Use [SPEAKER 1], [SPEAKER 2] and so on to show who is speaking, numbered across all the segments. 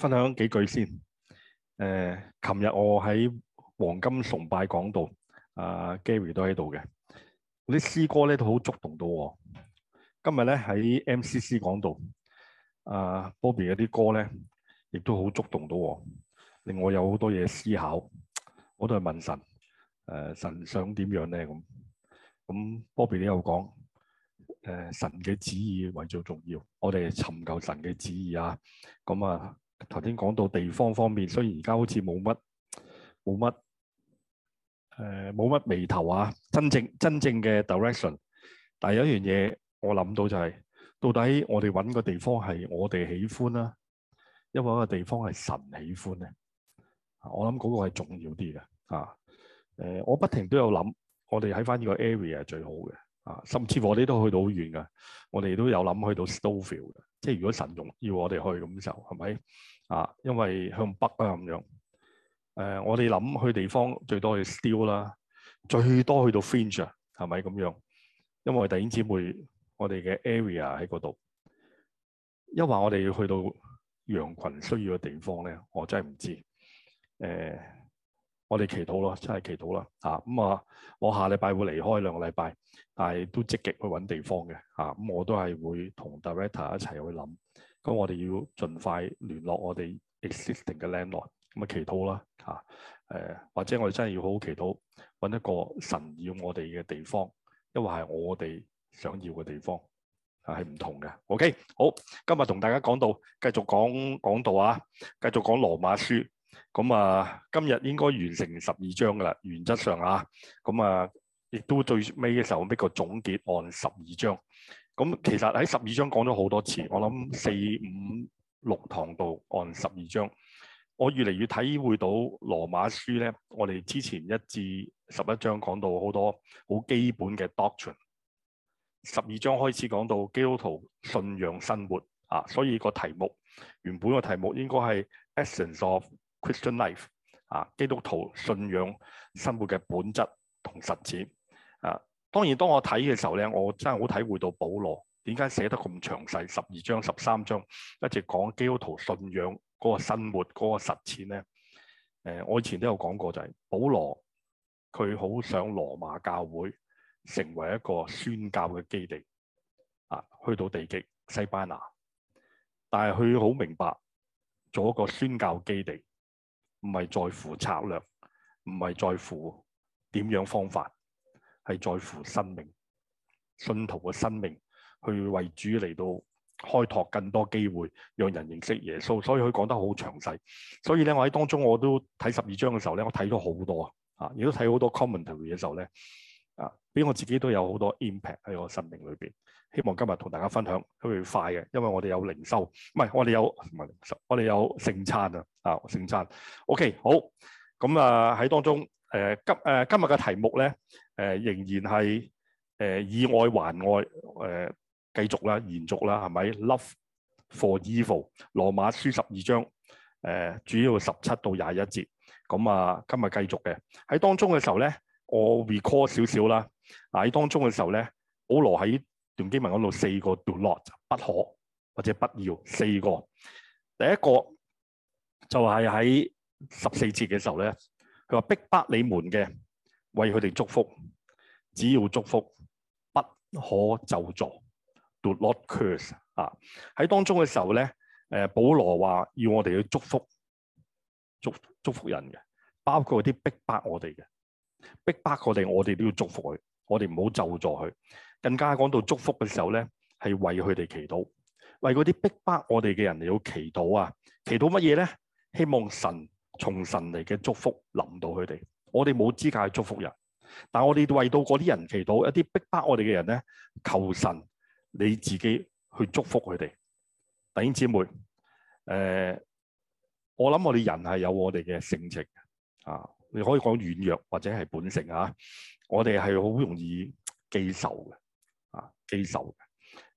[SPEAKER 1] 分享幾句先。誒、呃，琴日我喺黃金崇拜講道，阿 Gary 都喺度嘅，啲詩歌咧都好觸動到我。今日咧喺 MCC 講道，阿 Bobby 嗰啲歌咧亦都好觸動到我，令我有好多嘢思考。我都係問神，誒、呃、神想點樣咧？咁咁，Bobby 都有講，誒、呃、神嘅旨意為最重要，我哋尋求神嘅旨意啊。咁啊～頭先講到地方方面，雖然而家好似冇乜冇乜誒，冇乜、呃、眉頭啊，真正真正嘅 direction，但係有一樣嘢我諗到就係、是，到底我哋揾個地方係我哋喜歡啦，因為一個地方係神喜歡咧，我諗嗰個係重要啲嘅啊。誒、呃，我不停都有諗，我哋喺返呢個 area 係最好嘅。啊，甚至我哋都去到好遠嘅，我哋都有諗去到 Stoville 嘅，即係如果神用要我哋去咁就係咪啊？因為向北啊咁樣，誒、呃，我哋諗去地方最多去 Still 啦，最多去到 Finch 係、啊、咪咁樣？因為弟兄姊妹，我哋嘅 area 喺嗰度，因為我哋要去到羊群需要嘅地方咧，我真係唔知誒。呃我哋祈禱咯，真係祈禱咯，啊咁啊，我下禮拜會離開兩個禮拜，但係都積極去揾地方嘅，啊咁我都係會同 Director 一齊去諗，咁我哋要盡快聯絡我哋 existing 嘅 landlord，咁啊祈禱啦，啊誒、呃、或者我哋真係要好好祈禱，揾一個神要我哋嘅地方，因為係我哋想要嘅地方啊係唔同嘅，OK 好，今日同大家講道，繼續講講道啊，繼續講羅馬書。咁啊、嗯，今日應該完成十二章噶啦，原則上啊，咁、嗯、啊，亦都最尾嘅時候 make 個總結按十二章。咁、嗯、其實喺十二章講咗好多次，我諗四五六堂度按十二章。我越嚟越體會到羅馬書咧，我哋之前一至十一章講到好多好基本嘅 doctrine，十二章開始講到基督徒信仰生活啊，所以個題目原本個題目應該係 essence of。Christian life 啊，基督徒信仰生活嘅本質同實踐啊，當然當我睇嘅時候咧，我真係好體會到保羅點解寫得咁詳細，十二章十三章一直講基督徒信仰嗰個生活嗰個實踐咧。誒、呃，我以前都有講過就係保羅，佢好想羅馬教會成為一個宣教嘅基地啊，去到地極西班牙，但係佢好明白做一個宣教基地，唔係在乎策略，唔係在乎點樣方法，係在乎生命、信徒嘅生命去為主嚟到開拓更多機會，讓人認識耶穌。所以佢講得好詳細。所以咧，我喺當中我都睇十二章嘅時候咧，我睇咗好多啊，亦都睇好多 commentary 嘅時候咧，啊，俾、啊、我自己都有好多 impact 喺我生命裏邊。希望今日同大家分享佢會快嘅，因為我哋有靈修，唔係我哋有唔係靈修，我哋有聖餐啊，啊聖餐。OK，好咁啊喺當中，誒、呃、今誒、呃、今日嘅題目咧，誒、呃、仍然係誒、呃、以愛還愛，誒、呃、繼續啦，延續啦，係咪？Love for evil。羅馬書十二章，誒、呃、主要十七到廿一節，咁、嗯、啊今日繼續嘅喺當中嘅時候咧，我 record 少少啦。嗱喺當中嘅時候咧，保羅喺用經文嗰度四個 do not 不可或者不要四個，第一個就係喺十四節嘅時候咧，佢話逼迫你們嘅為佢哋祝福，只要祝福不可咒詛。「do not curse 啊！喺當中嘅時候咧，誒保羅話要我哋去祝福祝祝福人嘅，包括啲逼迫我哋嘅逼迫我哋，我哋都要祝福佢，我哋唔好咒詛佢。更加講到祝福嘅時候咧，係為佢哋祈禱，為嗰啲逼迫我哋嘅人嚟到祈禱啊！祈禱乜嘢咧？希望神從神嚟嘅祝福臨到佢哋。我哋冇資格去祝福人，但係我哋為到嗰啲人祈禱，一啲逼迫我哋嘅人咧，求神你自己去祝福佢哋。弟兄姊妹，誒、呃，我諗我哋人係有我哋嘅性情啊，你可以講軟弱或者係本性啊，我哋係好容易記仇嘅。啊，接受嘅，誒、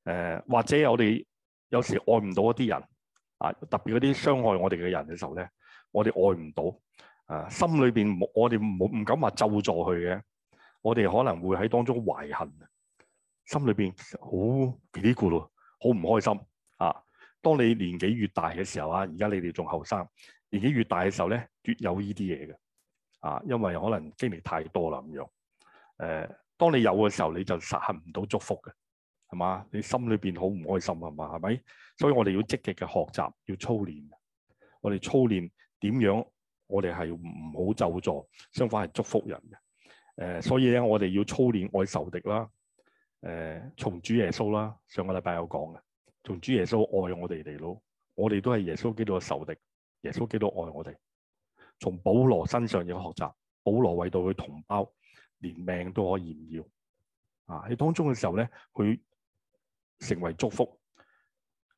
[SPEAKER 1] 呃，或者我哋有時愛唔到一啲人啊，特別嗰啲傷害我哋嘅人嘅時候咧，我哋愛唔到，啊，心裏邊冇，我哋冇唔敢話咒助佢嘅，我哋可能會喺當中懷恨，心裏邊好幾啲苦惱，好唔開心啊。當你年紀越大嘅時候啊，而家你哋仲後生，年紀越大嘅時候咧，越有呢啲嘢嘅，啊，因為可能經歷太多啦，咁樣，誒、啊。當你有嘅時候，你就實行唔到祝福嘅，係嘛？你心裏邊好唔開心，係嘛？係咪？所以我哋要積極嘅學習，要操練。我哋操練點樣？我哋係唔好咒詛，相反係祝福人嘅。誒、呃，所以咧，我哋要操練愛仇敵啦。誒、呃，從主耶穌啦，上個禮拜有講嘅，從主耶穌愛我哋嚟囉，我哋都係耶穌基督嘅仇敵。耶穌基督愛我哋。從保羅身上要學習，保羅為到佢同胞連命都可以唔要啊！喺當中嘅時候咧，佢成為祝福。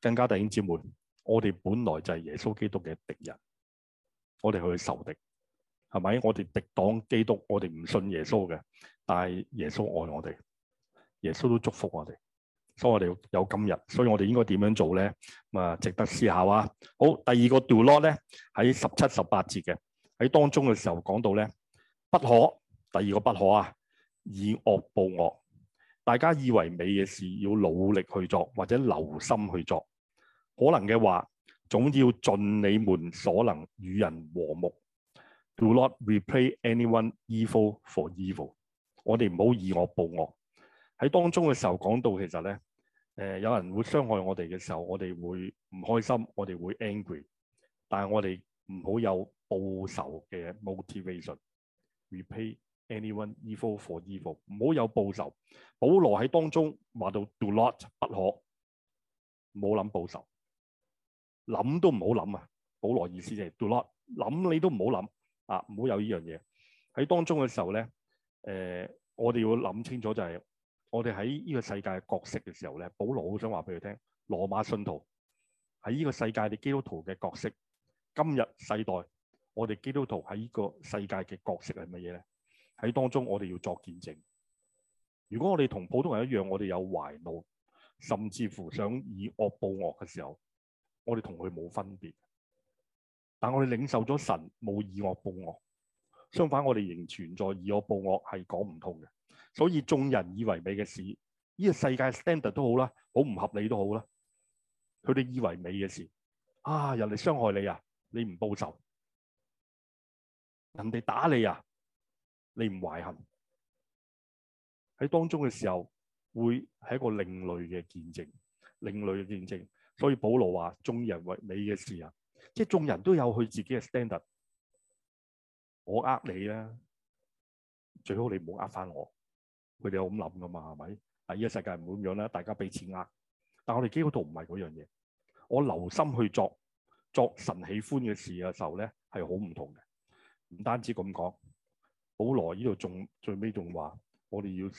[SPEAKER 1] 更加弟兄姊妹，我哋本來就係耶穌基督嘅敵人，我哋去仇敵，係咪？我哋敵擋基督，我哋唔信耶穌嘅。但係耶穌愛我哋，耶穌都祝福我哋，所以我哋要有今日。所以我哋應該點樣做咧？咁啊，值得思考啊！好，第二個段落咧，喺十七、十八節嘅，喺當中嘅時候講到咧，不可。第二個不可啊，以惡報惡。大家以為美嘅事要努力去做，或者留心去做。可能嘅話，總要盡你們所能與人和睦。Do not repay anyone evil for evil 我惡惡。我哋唔好以惡報惡。喺當中嘅時候講到，其實咧，誒、呃、有人會傷害我哋嘅時候，我哋會唔開心，我哋會 angry，但係我哋唔好有報仇嘅 motivation。Repay。Anyone evil for evil，唔好有報仇。保羅喺當中話到，do not 不可，唔好諗報仇，諗都唔好諗啊。保羅意思就係 do not 諗，你都唔好諗啊，唔好有呢樣嘢，喺當中嘅時候咧。誒、呃，我哋要諗清楚就係、是、我哋喺呢個世界嘅角色嘅時候咧，保羅好想話俾佢聽，羅馬信徒喺呢個世界，嘅基督徒嘅角色，今日世代我哋基督徒喺呢個世界嘅角色係乜嘢咧？喺當中，我哋要作見證。如果我哋同普通人一樣，我哋有懷怒，甚至乎想以惡報惡嘅時候，我哋同佢冇分別。但我哋領受咗神冇以惡報惡，相反我哋仍存在以惡報惡係講唔通嘅。所以眾人以為美嘅事，呢個世界 standard 都好啦，好唔合理都好啦，佢哋以為美嘅事，啊人哋傷害你啊，你唔報仇，人哋打你啊。你唔懷恨喺當中嘅時候，會係一個另類嘅見證，另類嘅見證。所以保羅話：眾人為你嘅事啊，即係眾人都有佢自己嘅 standard。我呃你啊，最好你唔好呃返我。佢哋有咁諗噶嘛，係咪？啊，而家世界唔會咁樣啦，大家俾錢呃。但係我哋基本都唔係嗰樣嘢。我留心去作作神喜歡嘅事嘅時候咧，係好唔同嘅。唔單止咁講。保羅呢度仲最尾仲話，我哋要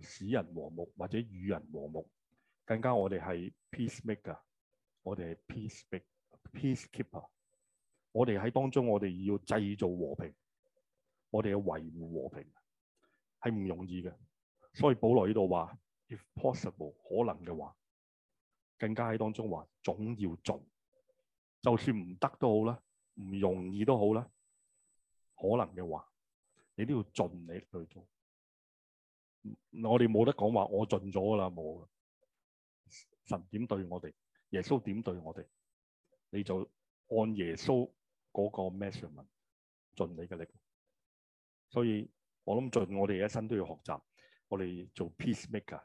[SPEAKER 1] 使人和睦或者與人和睦，更加我哋係 peace maker，我哋係 peace make, peace keeper，我哋喺當中我哋要製造和平，我哋要維護和平，係唔容易嘅。所以保羅呢度話，if possible 可能嘅話，更加喺當中話總要做，就算唔得都好啦，唔容易都好啦，可能嘅話。你都要盡你力去做，我哋冇得講話，我盡咗噶啦，冇噶。神點對我哋，耶穌點對我哋，你就按耶穌嗰個 measurement 盡你嘅力。所以我諗盡，我哋一生都要學習，我哋做 peace maker，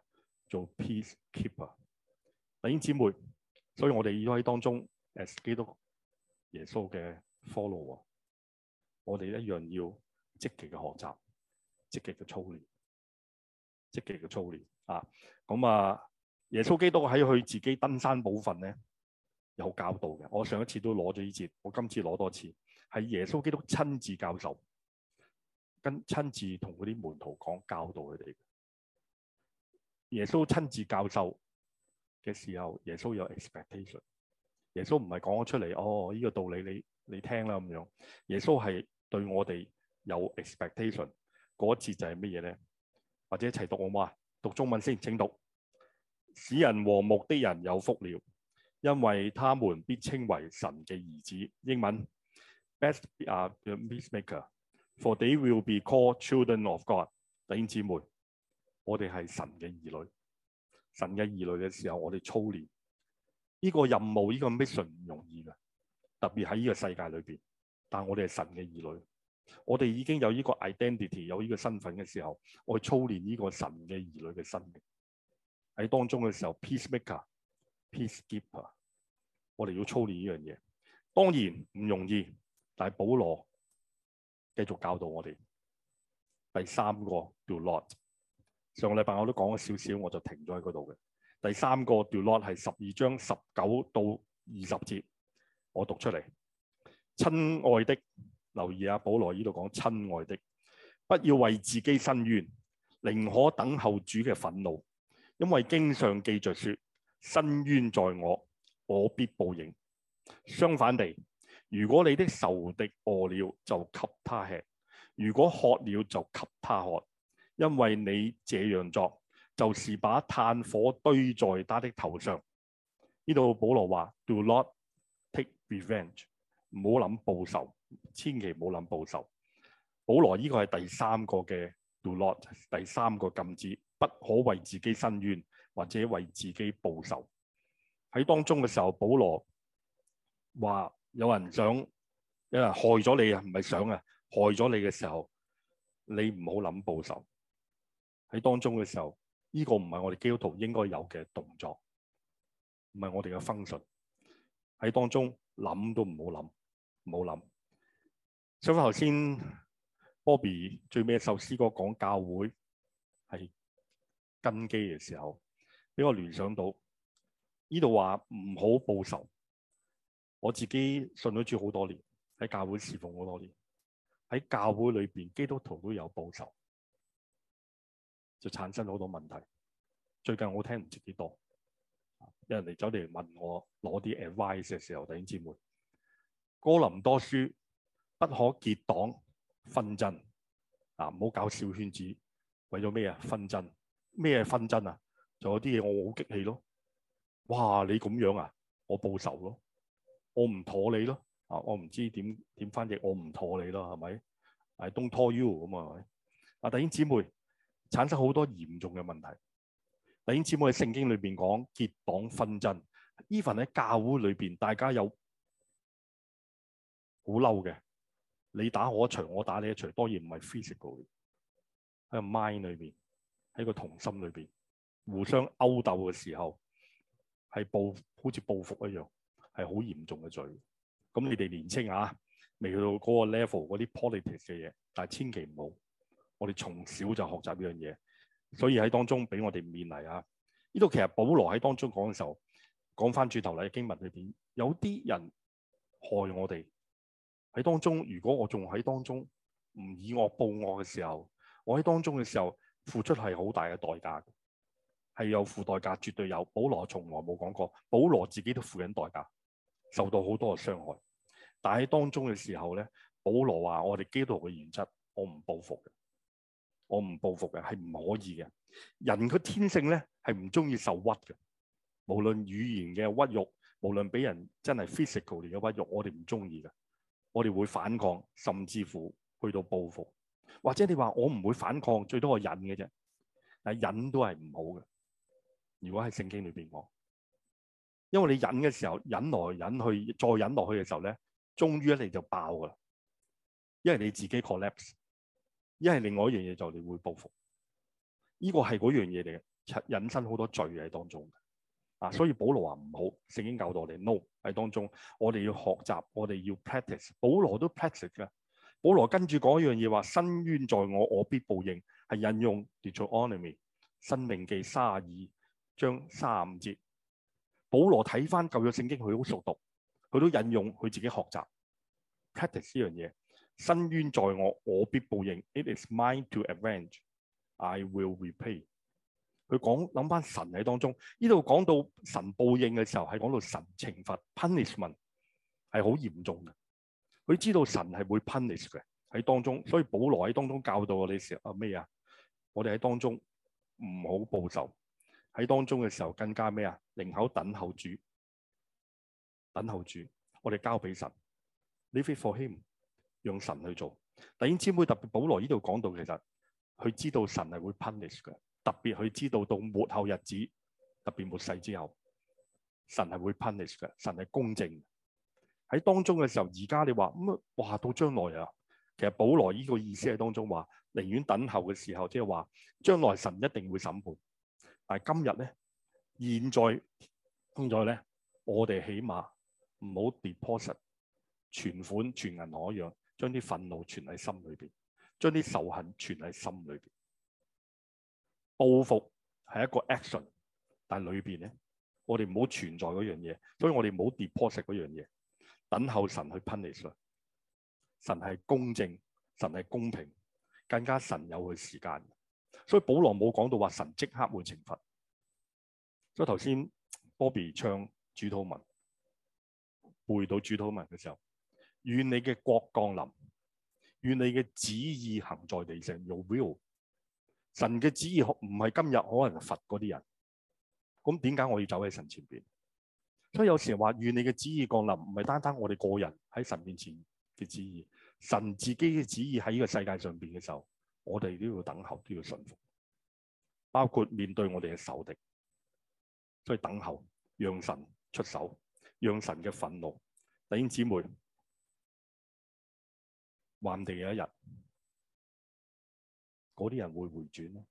[SPEAKER 1] 做 peace keeper。弟兄姊妹，所以我哋要喺當中，as 基督耶穌嘅 follower，我哋一樣要。積極嘅學習，積極嘅操練，積極嘅操練啊！咁啊，耶穌基督喺佢自己登山寶訓咧有教導嘅。我上一次都攞咗呢節，我今次攞多次，係耶穌基督親自教授，跟親自同嗰啲門徒講教導佢哋。耶穌親自教授嘅時候，耶穌有 expectation。耶穌唔係講咗出嚟，哦，呢個道理你你聽啦咁樣。耶穌係對我哋，有 expectation，嗰次就係乜嘢咧？或者一齊讀好嘛？讀中文先。請讀，使人和睦的人有福了，因為他們必稱為神嘅兒子。英文 best 啊 be, 嘅、uh, peacemaker，for the they will be called children of God。弟兄姊妹，我哋係神嘅兒女，神嘅兒女嘅時候，我哋操練呢、這個任務，呢、這個 mission 唔容易嘅，特別喺呢個世界裏邊。但我哋係神嘅兒女。我哋已經有呢個 identity，有呢個身份嘅時候，我去操練呢個神嘅兒女嘅生命。喺當中嘅時候，peace maker，peace keeper，我哋要操練呢樣嘢，當然唔容易，但係保羅繼續教導我哋第三個 do not，上個禮拜我都講咗少少，我就停咗喺嗰度嘅。第三個 do not 係十二章十九到二十節，我讀出嚟，親愛的。留意阿、啊、保羅呢度講親愛的，不要為自己申冤，寧可等候主嘅憤怒，因為經上記著說：申冤在我，我必報應。相反地，如果你的仇敵餓了，就給他吃；如果渴了，就給他喝，因為你這樣做，就是把炭火堆在他的頭上。呢度保羅話：Do not take revenge，唔好諗報仇。千祈唔好諗報仇。保羅呢個係第三個嘅 do not 第三個禁止，不可為自己申冤或者為自己報仇。喺當中嘅時候，保羅話有人想，有人害咗你啊，唔係想啊，害咗你嘅時候，你唔好諗報仇。喺當中嘅時候，呢個唔係我哋基督徒應該有嘅動作，唔係我哋嘅分寸。喺當中諗都唔好諗，唔好諗。想翻頭先，Bobby 最尾壽司哥講教會係根基嘅時候，俾我聯想到呢度話唔好報仇。我自己信咗主好多年，喺教會侍奉好多年，喺教會裏邊基督徒都有報仇，就產生咗好多問題。最近我聽唔知幾多，有人嚟走嚟問我攞啲 advice 嘅時候，弟兄姊妹，哥林多書。不可結黨紛爭，啊唔好搞小圈子，為咗咩啊？紛爭咩紛爭啊？仲有啲嘢我好激氣咯，哇你咁樣啊，我報仇咯，我唔妥你咯，啊我唔知點點翻譯，我唔妥你咯係咪？I don't tell you 咁啊？啊弟兄姊妹產生好多嚴重嘅問題，弟兄姊妹喺聖經裏邊講結黨紛爭，even 喺教會裏邊大家有好嬲嘅。你打我一錘，我打你一錘，當然唔係 physical 喺個 mind 裏邊，喺個童心裏邊互相勾鬥嘅時候，係報好似報復一樣，係好嚴重嘅罪。咁你哋年青啊，未去到嗰個 level，嗰啲 politics 嘅嘢，但係千祈唔好。我哋從小就學習呢樣嘢，所以喺當中俾我哋勉勵啊！呢度其實保羅喺當中講嘅時候，講翻轉頭嚟，經文裏邊有啲人害我哋。喺當中，如果我仲喺當中唔以惡報惡嘅時候，我喺當中嘅時候付出係好大嘅代價，係有付代價，絕對有。保羅從來冇講過，保羅自己都付緊代價，受到好多嘅傷害。但喺當中嘅時候咧，保羅話：我哋基督嘅原則，我唔報復嘅，我唔報復嘅，係唔可以嘅。人嘅天性咧係唔中意受屈嘅，無論語言嘅屈辱，無論俾人真係 physical 嚟嘅屈辱，我哋唔中意嘅。我哋會反抗，甚至乎去到報復，或者你話我唔會反抗，最多係忍嘅啫。嗱，忍都係唔好嘅。如果喺聖經裏邊講，因為你忍嘅時候，忍來忍去，再忍落去嘅時候咧，終於一嚟就爆噶啦。一係你自己 collapse，一係另外一樣嘢就你會報復。呢、這個係嗰樣嘢嚟嘅，引申好多罪喺當中嘅。所以保羅話唔好，聖經教導我哋 no 喺當中，我哋要學習，我哋要 practice。保羅都 practice 嘅，保羅跟住講一樣嘢話：伸冤在我，我必報應，係引用 Deuteronomy 申命記卅二章三五節。保羅睇翻舊約聖經，佢好熟讀，佢都引用佢自己學習 practice 呢樣嘢。伸冤在我，我必報應。It is mine to avenge，I will repay。講諗翻神喺當中，呢度講到神報應嘅時候，係講到神懲罰 punishment 係好嚴重嘅。佢知道神係會 punish 嘅喺當中，所以保羅喺當中教導我哋時候啊咩啊，我哋喺當中唔好報仇，喺當中嘅時候更加咩啊，寧可等候主，等候主。我哋交俾神，leave it for him，用神去做。弟兄姊妹特別保羅呢度講到，其實佢知道神係會 punish 嘅。特別佢知道到末後日子，特別末世之後，神係會 punish 嘅，神係公正。喺當中嘅時候，而家你話咁啊，話到將來啊，其實保羅呢個意思係當中話，寧願等候嘅時候，即係話將來神一定會審判。但係今日咧，現在現在咧，我哋起碼唔好 deposit 存款，存銀行一樣，將啲憤怒存喺心裏邊，將啲仇恨存喺心裏邊。報復係一個 action，但係裏邊咧，我哋唔好存在嗰樣嘢，所以我哋唔好 deposit 嗰樣嘢，等候神去 punish 佢。神係公正，神係公平，更加神有佢時間。所以保羅冇講到話神即刻會懲罰。所以頭先 Bobby 唱主禱文，背到主禱文嘅時候，願你嘅國降臨，願你嘅旨意行在地上。Your will。神嘅旨意唔係今日可能罰嗰啲人，咁點解我要走喺神前邊？所以有時話，願你嘅旨意降臨，唔係單單我哋個人喺神面前嘅旨意，神自己嘅旨意喺呢個世界上邊嘅時候，我哋都要等候，都要信服，包括面對我哋嘅仇敵，所以等候，讓神出手，讓神嘅憤怒。弟兄姊妹，還地有一日。嗰啲人會回轉咯，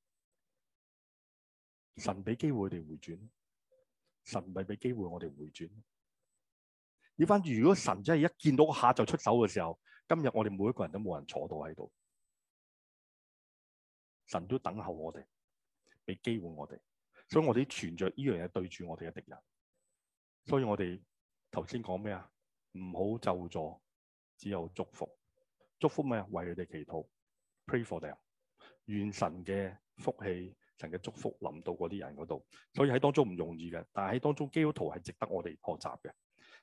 [SPEAKER 1] 神俾機，機會我哋回轉，神咪俾機會我哋回轉。你翻住，如果神真係一見到個下就出手嘅時候，今日我哋每一個人都冇人坐到喺度，神都等候我哋，俾機會我哋。所以我哋存着呢樣嘢對住我哋嘅敵人。所以我哋頭先講咩啊？唔好咒詛，只有祝福。祝福咩啊？為佢哋祈禱，pray for them。願神嘅福氣、神嘅祝福臨到嗰啲人嗰度，所以喺當中唔容易嘅。但係喺當中基督徒係值得我哋學習嘅。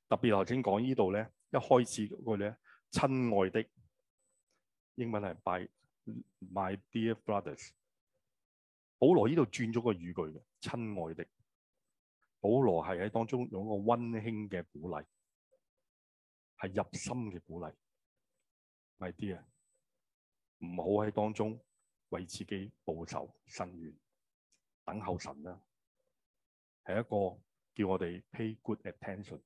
[SPEAKER 1] 特別頭先講呢度咧，一開始嗰句咧，親愛的，英文係 By my dear brothers，保羅呢度轉咗個語句嘅。親愛的，保羅係喺當中有一個温馨嘅鼓勵，係入心嘅鼓勵。My dear，唔好喺當中。為自己報仇伸冤，等候神啦，係一個叫我哋 pay good attention，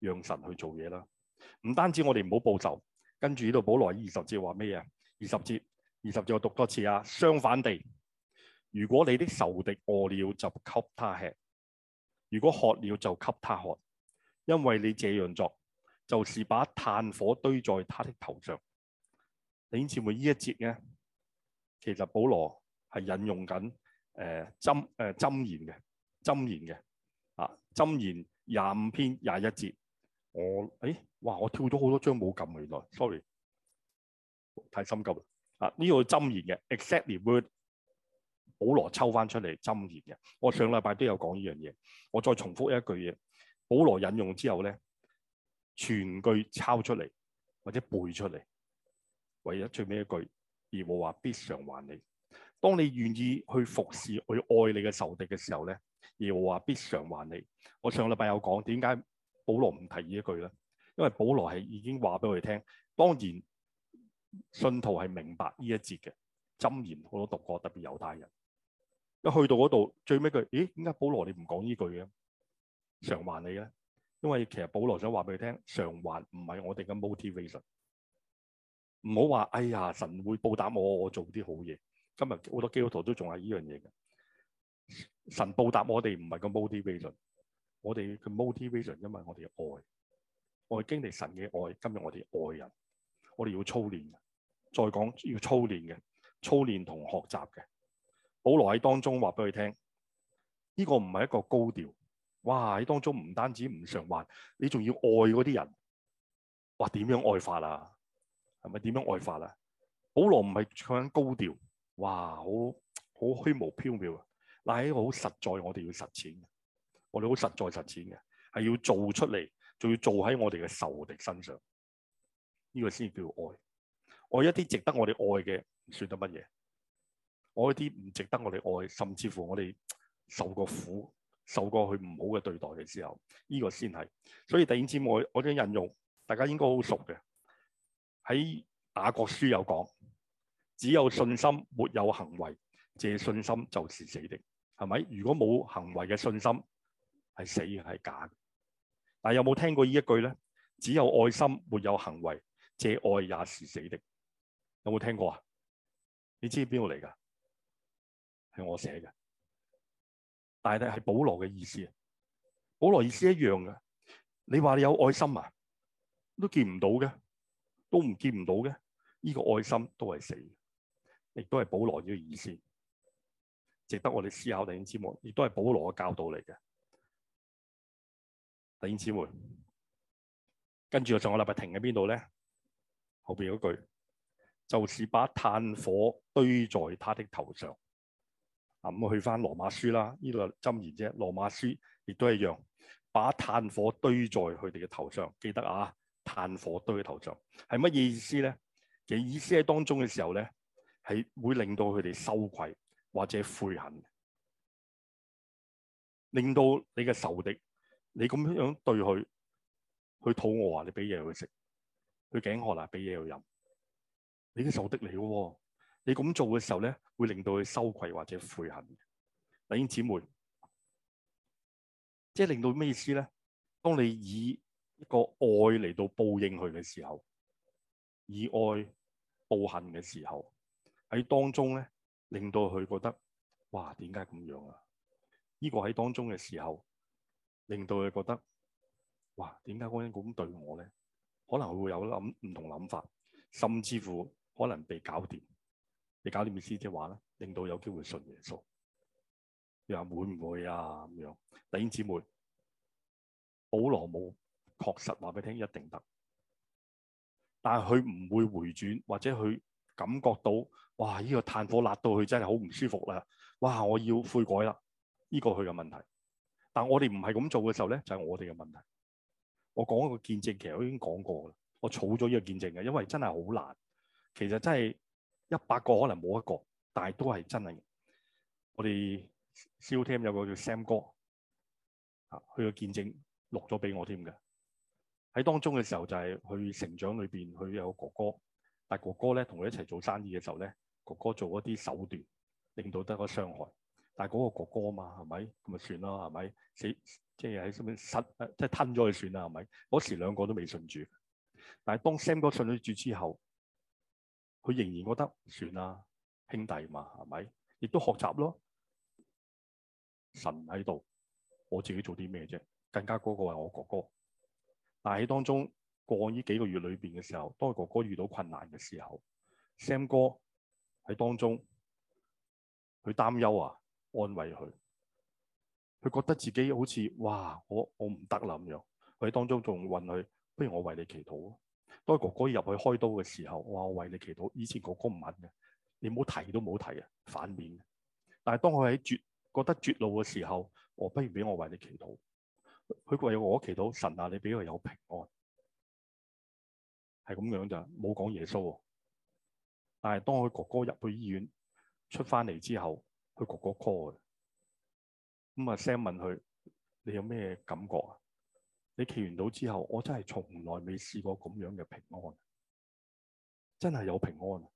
[SPEAKER 1] 讓神去做嘢啦。唔單止我哋唔好報仇，跟住呢度保羅二十節話咩啊？二十節，二十節我讀多次啊！相反地，如果你的仇敵餓了，就給他吃；如果渴了，就給他喝，因為你這樣做，就是把炭火堆在他的頭上。你見唔見呢一節咧？其實保羅係引用緊誒針誒針言嘅針言嘅啊針言廿五篇廿一節我誒、哎、哇我跳咗好多張冇撳啊原來 sorry 太心急啦啊呢、這個針言嘅 exact word 保羅抽翻出嚟針言嘅我上禮拜都有講呢樣嘢我再重複一句嘢保羅引用之後咧全句抄出嚟或者背出嚟唯一最尾一句。而我話必償還你。當你願意去服侍、去愛你嘅仇敵嘅時候咧，而我話必償還你。我上個禮拜有講，點解保羅唔提呢一句咧？因為保羅係已經話俾我哋聽，當然信徒係明白呢一節嘅。箴言好多讀過，特別猶太人一去到嗰度最尾句，咦？點解保羅你唔講呢句嘅償還你咧？因為其實保羅想話俾你聽，償還唔係我哋嘅 motivation。唔好話，哎呀，神會報答我，我做啲好嘢。今日好多基督徒都仲係呢樣嘢嘅。神報答我哋唔係個 motivation，我哋嘅 motivation 因為我哋愛，我哋經歷神嘅愛。今日我哋愛人，我哋要操練，再講要操練嘅，操練同學習嘅。保羅喺當中話俾佢聽，呢個唔係一個高調。哇！喺當中唔單止唔常患，你仲要愛嗰啲人。哇！點樣愛法啊？係咪點樣愛法啊？保羅唔係唱緊高調，哇，好好虛無縹緲啊！但係一個好實在，我哋要實踐嘅，我哋好實在實踐嘅，係要做出嚟，仲要做喺我哋嘅仇敵身上，呢、呢個先叫愛。愛一啲值得我哋愛嘅，唔算得乜嘢。愛一啲唔值得我哋愛，甚至乎我哋受過苦、受過佢唔好嘅對待嘅時候，呢、呢個先係。所以第二點愛，我想引用，大家應該好熟嘅。喺《雅各書》有講，只有信心沒有行為，借信心就是死的，係咪？如果冇行為嘅信心，係死嘅，係假嘅。但係有冇聽過呢一句咧？只有愛心沒有行為，借愛也是死的。有冇聽過啊？你知邊度嚟噶？係我寫嘅，但係咧係保羅嘅意思啊！保羅意思一樣嘅。你話你有愛心啊？都見唔到嘅。都唔見唔到嘅，呢個愛心都係死，亦都係保羅嘅意思，值得我哋思考。弟兄姊妹，亦都係保羅嘅教導嚟嘅。弟兄姊妹，跟住我上個禮拜停喺邊度咧？後邊嗰句就是把炭火堆在他的頭上。啊，咁去翻羅馬書啦，呢個針言啫。羅馬書亦都一樣把炭火堆在佢哋嘅頭上。記得啊。炭火堆頭像係乜嘢意思咧？其意思喺當中嘅時候咧，係會令到佢哋羞愧或者悔恨，令到你嘅仇敵，你咁樣對佢，佢肚餓啊，你俾嘢佢食；佢頸渴啦，俾嘢佢飲。你嘅仇敵嚟嘅，你咁做嘅時候咧，會令到佢羞愧或者悔恨。弟兄姊妹，即係令到咩意思咧？當你以一個愛嚟到報應佢嘅時候，以愛報恨嘅時候，喺當中咧，令到佢覺得，哇，點解咁樣啊？呢個喺當中嘅時候，令到佢覺得，哇，點解嗰人咁對我咧？可能會會有諗唔同諗法，甚至乎可能被搞掂，你搞掂意思即係話咧，令到有機會信耶穌。又話會唔會啊？咁樣弟兄姊妹，保羅冇。確實話俾你聽，一定得，但係佢唔會回轉，或者佢感覺到哇，呢個炭火辣到佢真係好唔舒服啦！哇，我要悔改啦，呢個佢嘅問題。但我哋唔係咁做嘅時候咧，就係我哋嘅問題。我講一個見證，其實我已經講過啦。我儲咗呢個見證嘅，因為真係好難。其實真係一百個可能冇一個，但係都係真係。我哋 C.O.T.M 有個叫 Sam 哥啊，佢個見證錄咗俾我添嘅。喺當中嘅時候就係佢成長裏邊，佢有個哥哥，但哥哥咧同佢一齊做生意嘅時候咧，哥哥做一啲手段，令到得個傷害。但嗰個哥哥啊嘛，係咪咁咪算咯，係咪？死即係喺身邊塞即係吞咗佢算啦，係咪？嗰時兩個都未信住，但係當 Sam 哥信咗住之後，佢仍然覺得算啦，兄弟嘛，係咪？亦都學習咯，神喺度，我自己做啲咩啫？更加嗰個係我哥哥。但係喺當中過呢幾個月裏邊嘅時候，當哥哥遇到困難嘅時候，Sam 哥喺當中佢擔憂啊，安慰佢。佢覺得自己好似哇，我我唔得啦咁樣。佢喺當中仲問佢：不如我為你祈禱咯？當哥哥入去開刀嘅時候，我話我為你祈禱。以前哥哥唔肯嘅，你唔好提都唔好提嘅，反面，但係當佢喺絕覺得絕路嘅時候，我不如俾我為你祈禱。佢話有我祈禱神啊，你俾佢有平安，係咁樣就冇講耶穌啊。但係當佢哥哥入去醫院出翻嚟之後，佢哥哥 call 嘅，咁啊 Sam 問佢：你有咩感覺啊？你祈完到之後，我真係從來未試過咁樣嘅平安，真係有平安啊。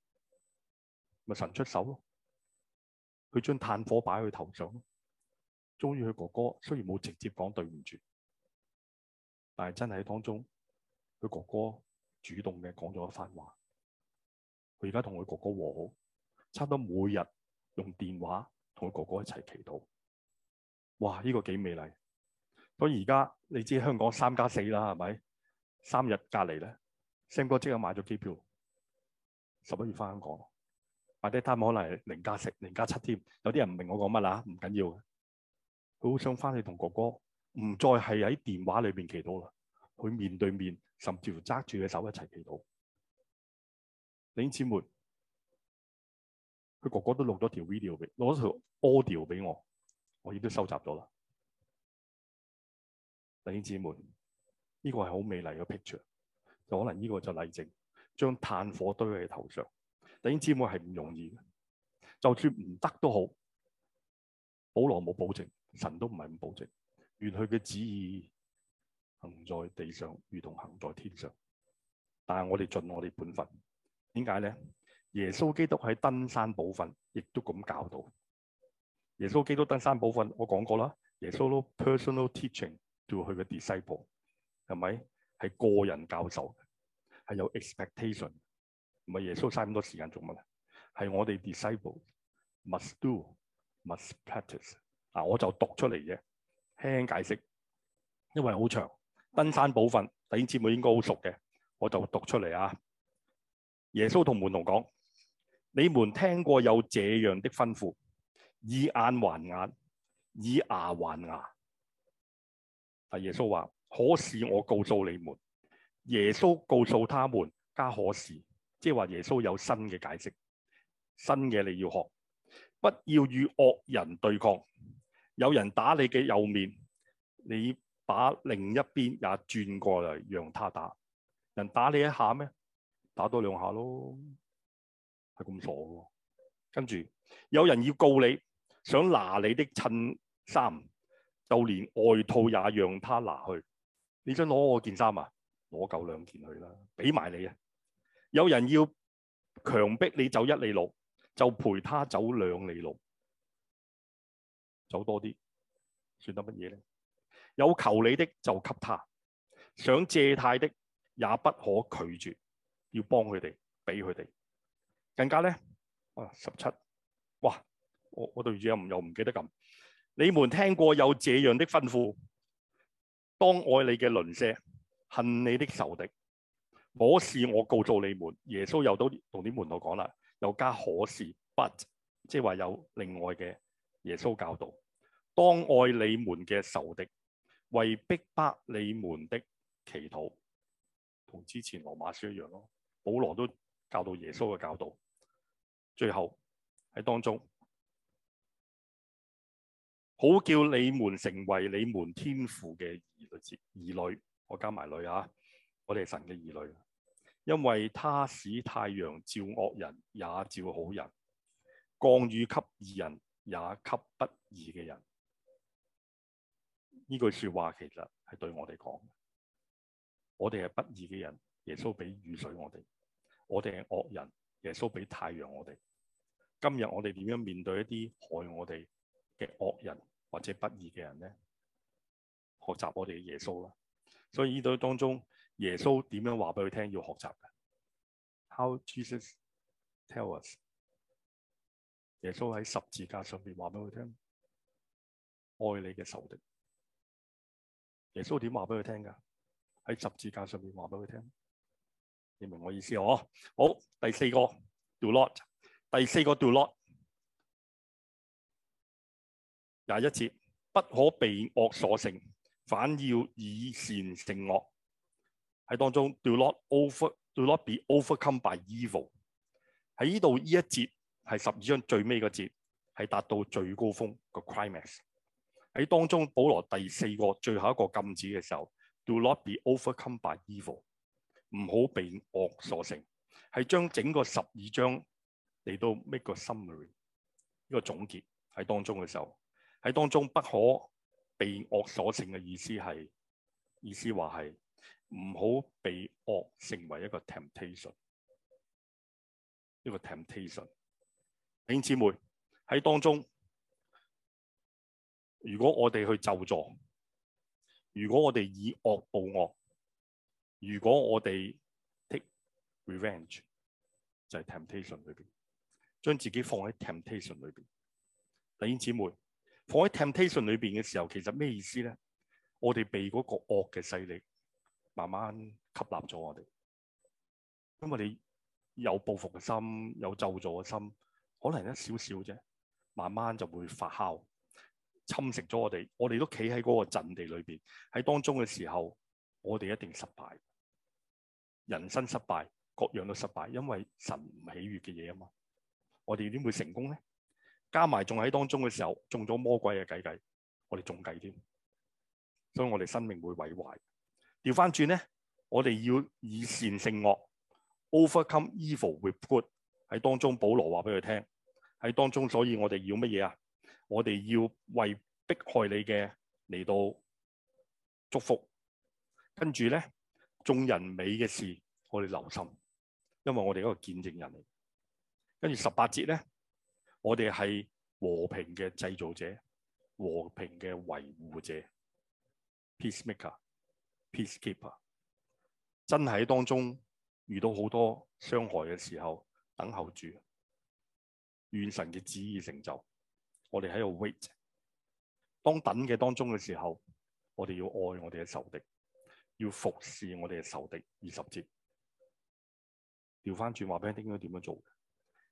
[SPEAKER 1] 咪神出手咯，佢將炭火擺喺佢頭上。終於佢哥哥，雖然冇直接講對唔住，但係真係喺當中，佢哥哥主動嘅講咗一番話。佢而家同佢哥哥和好，差唔多每日用電話同佢哥哥一齊祈禱。哇！呢、這個幾美麗。所以而家你知香港三加四啦，係咪？三日隔離咧，Sam 哥即刻買咗機票，十一月翻香港，買啲 time 可能 4, 7, 係零加四、零加七添。有啲人唔明我講乜啦，唔緊要。佢好想翻去同哥哥唔再係喺電話裏邊祈禱啦，佢面對面甚至乎揸住嘅手一齊祈禱。弟兄姊妹，佢哥哥都錄咗條 video 俾，錄咗條 audio 俾我，我亦都收集咗啦。弟兄姊妹，呢個係好美麗嘅 picture，就可能呢個就例證，將炭火堆喺頭上。弟兄姊妹係唔容易嘅，就算唔得都好，保羅冇保證，神都唔係咁保證，願佢嘅旨意行在地上，如同行在天上。但係我哋盡我哋本分，點解咧？耶穌基督喺登山寶訓亦都咁教導。耶穌基督登山寶訓我講過啦。耶穌都 personal teaching to 佢嘅 disciple，係咪？係個人教授，係有 expectation。唔係耶穌嘥咁多時間做乜咧？係我哋 disciple must do，must practice。嗱，我就讀出嚟啫，輕輕解釋，因為好長。登山部分，弟兄姊妹應該好熟嘅，我就讀出嚟啊。耶穌同門徒講：你們聽過有這樣的吩咐，以眼還眼，以牙還牙。啊，耶穌話：可是我告訴你們，耶穌告訴他們加可是，即係話耶穌有新嘅解釋，新嘅你要學，不要與惡人對抗。有人打你嘅右面，你把另一邊也轉過嚟讓他打。人打你一下咩？打多兩下咯，係咁傻。跟住有人要告你，想拿你的襯衫，就連外套也讓他拿去。你想攞我件衫啊？攞夠兩件去啦，俾埋你啊！有人要強逼你走一里路，就陪他走兩里路。走多啲，算得乜嘢咧？有求你的就給他，想借貸的也不可拒絕，要幫佢哋，俾佢哋。更加咧，啊，十七，哇，我我對住又又唔記得噉。你們聽過有這樣的吩咐：當愛你嘅鄰舍，恨你的仇敵。可是我告訴你們，耶穌又都同啲門徒講啦，又加可是，but 即係話有另外嘅。耶穌教導，當愛你們嘅仇敵，為逼迫你們的祈禱，同之前羅馬書一樣咯。保羅都教導耶穌嘅教導，最後喺當中，好叫你們成為你們天父嘅兒女兒女，我加埋女啊，我哋係神嘅兒女，因為他使太陽照惡人也照好人，降雨給義人，也給不義嘅人，呢句說話其實係對我哋講。我哋係不義嘅人，耶穌俾雨水我哋；我哋係惡人，耶穌俾太陽我哋。今日我哋點樣面對一啲害我哋嘅惡人或者不義嘅人咧？學習我哋嘅耶穌啦。所以呢度當中，耶穌點樣話俾佢聽要學習嘅？How Jesus tell us? 耶穌喺十字架上邊話俾佢聽，愛你嘅仇敵。耶穌點話俾佢聽噶？喺十字架上面話俾佢聽。你明我意思哦？好，第四個 do not，第四個 do not。廿一節，不可被惡所勝，反要以善勝惡。喺當中 do not over，do not be overcome by evil。喺呢度呢一節。係十二章最尾個節係達到最高峰個 climax。喺當中，保羅第四個最後一個禁止嘅時候，do not be overcome by evil，唔好被惡所勝。係將整個十二章嚟到 make 個 summary，呢個總結喺當中嘅時候，喺當中不可被惡所勝嘅意思係意思話係唔好被惡成為一個 temptation，呢個 temptation。弟兄姊妹喺當中，如果我哋去咒詛，如果我哋以惡報惡，如果我哋 take revenge，就係 temptation 裏邊，將自己放喺 temptation 裏邊。弟兄姊妹放喺 temptation 裏邊嘅時候，其實咩意思咧？我哋被嗰個惡嘅勢力慢慢吸納咗我哋，因為你有報復嘅心，有咒詛嘅心。可能一少少啫，慢慢就會發酵，侵蝕咗我哋。我哋都企喺嗰個陣地裏邊，喺當中嘅時候，我哋一定失敗，人生失敗，各樣都失敗，因為神唔喜悅嘅嘢啊嘛。我哋點會成功咧？加埋仲喺當中嘅時候，中咗魔鬼嘅計計，我哋仲計添，所以我哋生命會毀壞。調翻轉咧，我哋要以善勝惡，Overcome evil with good。喺當中保羅，保羅話俾佢聽。喺當中，所以我哋要乜嘢啊？我哋要為迫害你嘅嚟到，祝福，跟住咧眾人美嘅事，我哋留心，因為我哋一個見證人嚟。跟住十八節咧，我哋係和平嘅製造者，和平嘅維護者，Peace Maker，Peace Keeper。真係喺當中遇到好多傷害嘅時候，等候住。願神嘅旨意成就，我哋喺度 wait。當等嘅當中嘅時候，我哋要愛我哋嘅仇敵，要服侍我哋嘅仇敵。二十節調翻轉話俾你聽應該點樣做，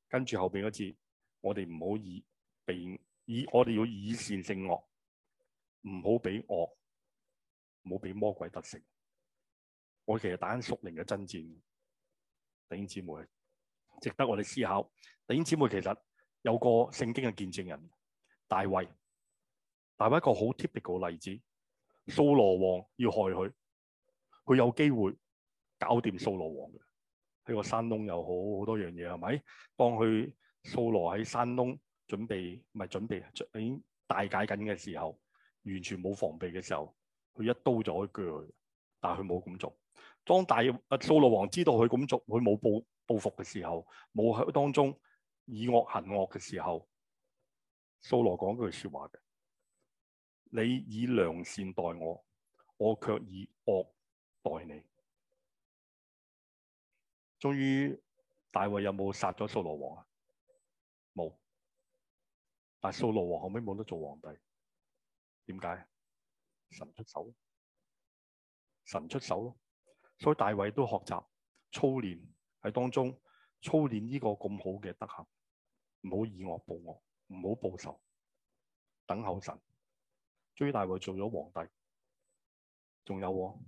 [SPEAKER 1] 跟住後邊嗰節，我哋唔好以被以我哋要以善勝惡，唔好俾惡，唔好俾魔鬼得勝。我其實打緊屬靈嘅真戰，弟兄姊妹，值得我哋思考。弟兄姊妹其實。有個聖經嘅見證人大衛，大衛一個好 typical 嘅例子，掃羅王要害佢，佢有機會搞掂掃羅王嘅喺個山窿又好好多樣嘢，係咪？當佢掃羅喺山窿準備唔係準備已經大解緊嘅時候，完全冇防備嘅時候，佢一刀就可以鋸佢，但係佢冇咁做。當大啊掃羅王知道佢咁做，佢冇報報復嘅時候，冇喺當中。以惡行惡嘅時候，掃羅講句說話嘅，你以良善待我，我卻以惡待你。終於大衛有冇殺咗掃羅王啊？冇。但掃羅王後尾冇得做皇帝，點解？神出手咯，神出手咯。所以大衛都學習操練喺當中。操練呢個咁好嘅德行，唔好以惡報惡，唔好報仇，等候神。終於大衛做咗皇帝，仲有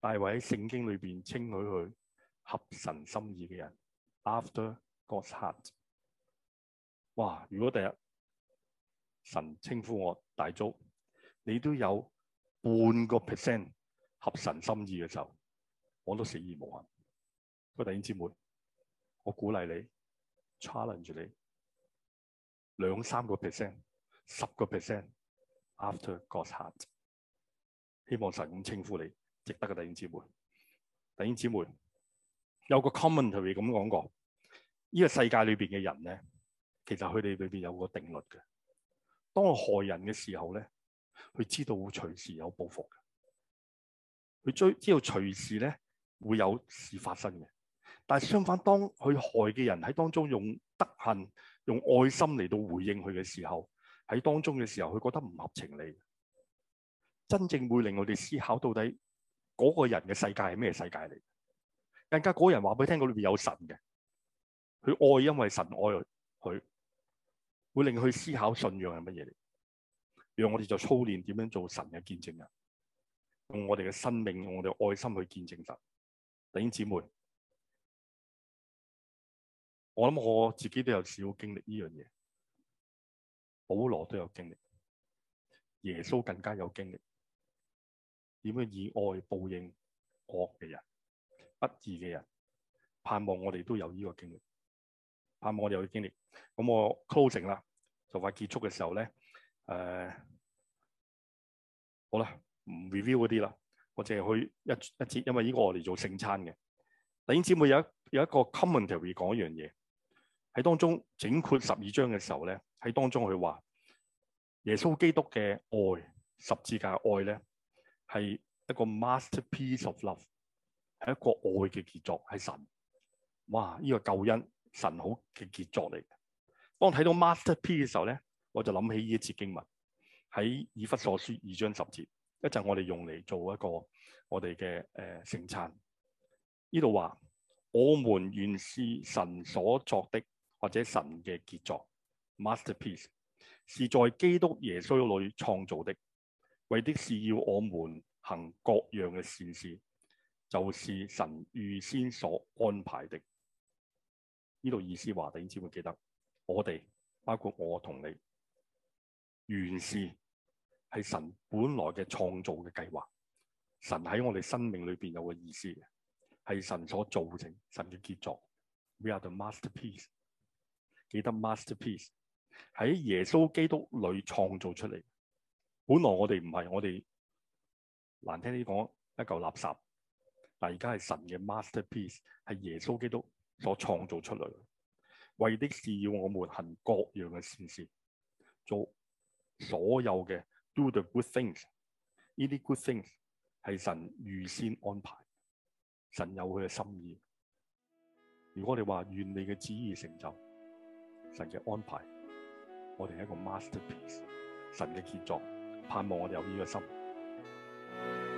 [SPEAKER 1] 大衛喺聖經裏邊稱許佢合神心意嘅人。After God’s heart，哇！如果第日神稱呼我大足，你都有半個 percent 合神心意嘅時候，我都死而無憾。不過突然之間。我鼓勵你，challenge 你兩三個 percent、十個 percent after God's heart。希望神咁稱呼你，值得嘅弟兄姊妹。弟兄姊妹，有個 commentary 咁講過：呢個世界裏邊嘅人咧，其實佢哋裏邊有個定律嘅。當佢害人嘅時候咧，佢知道會隨時有報復嘅，佢追知道隨時咧會有事發生嘅。但係相反，當佢害嘅人喺當中用德行、用愛心嚟到回應佢嘅時候，喺當中嘅時候，佢覺得唔合情理。真正會令我哋思考到底嗰、這個人嘅世界係咩世界嚟？更加人家嗰人話俾你聽，佢裏邊有神嘅，佢愛因為神愛佢，會令佢思考信仰係乜嘢嚟？讓我哋就操練點樣做神嘅見證人，用我哋嘅生命、用我哋嘅愛心去見證神。弟兄姊妹。我諗我自己都有少少經歷呢樣嘢，保羅都有經歷，耶穌更加有經歷。點樣以愛報應惡嘅人、不義嘅人？盼望我哋都有呢個經歷，盼望我哋有啲經歷。咁我 closing 啦，就快結束嘅時候咧，誒、呃，好啦，唔 review 嗰啲啦，我淨係去一一節，因為呢個我哋做聖餐嘅。弟兄姊妹有有，有一個 commentary 會講一樣嘢。喺當中整括十二章嘅時候咧，喺當中佢話耶穌基督嘅愛、十字架嘅愛咧，係一個 masterpiece of love，係一個愛嘅傑作，係神。哇！呢個救恩神好嘅傑作嚟。當我睇到 masterpiece 嘅時候咧，我就諗起呢一節經文喺以弗所書二章十節，一陣我哋用嚟做一個我哋嘅誒聖餐。呢度話我們原是神所作的。或者神嘅傑作 Masterpiece，是在基督耶穌裏創造的，為的是要我們行各樣嘅善事、事，就是神預先所安排的。呢度意思話，大家先會記得，我哋包括我同你，原是係神本來嘅創造嘅計劃。神喺我哋生命裏邊有個意思嘅，係神所造成神嘅傑作。We are the masterpiece。記得 masterpiece 喺耶穌基督裏創造出嚟，本來我哋唔係我哋難聽啲講一嚿垃圾，但而家係神嘅 masterpiece，係耶穌基督所創造出嚟，為的是要我們行各樣嘅善事，做所有嘅 do the good things，呢啲 good things 係神預先安排，神有佢嘅心意。如果你話願你嘅旨意成就。神嘅安排，我哋係一個 masterpiece，神嘅傑作，盼望我哋有呢個心。